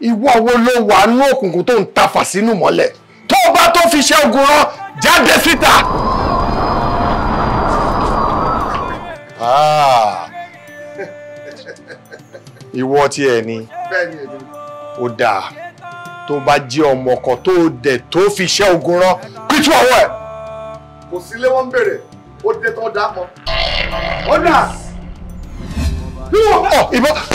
ìwọ wo ló wà nú òkùnkùn tó ń tafà sínú mọ́lẹ̀ tó bá tó fi ṣe ogun rán jáde síta. Ah. ìwọ tí ẹ ní ó dáa tó bá jẹ́ ọmọ kan tó dẹ̀ tó fi ṣe ogun rán pítú ọwọ́ ẹ̀. kò sí lé wọn bèrè ó dé tán dá mọ. ó dà. ìbọn.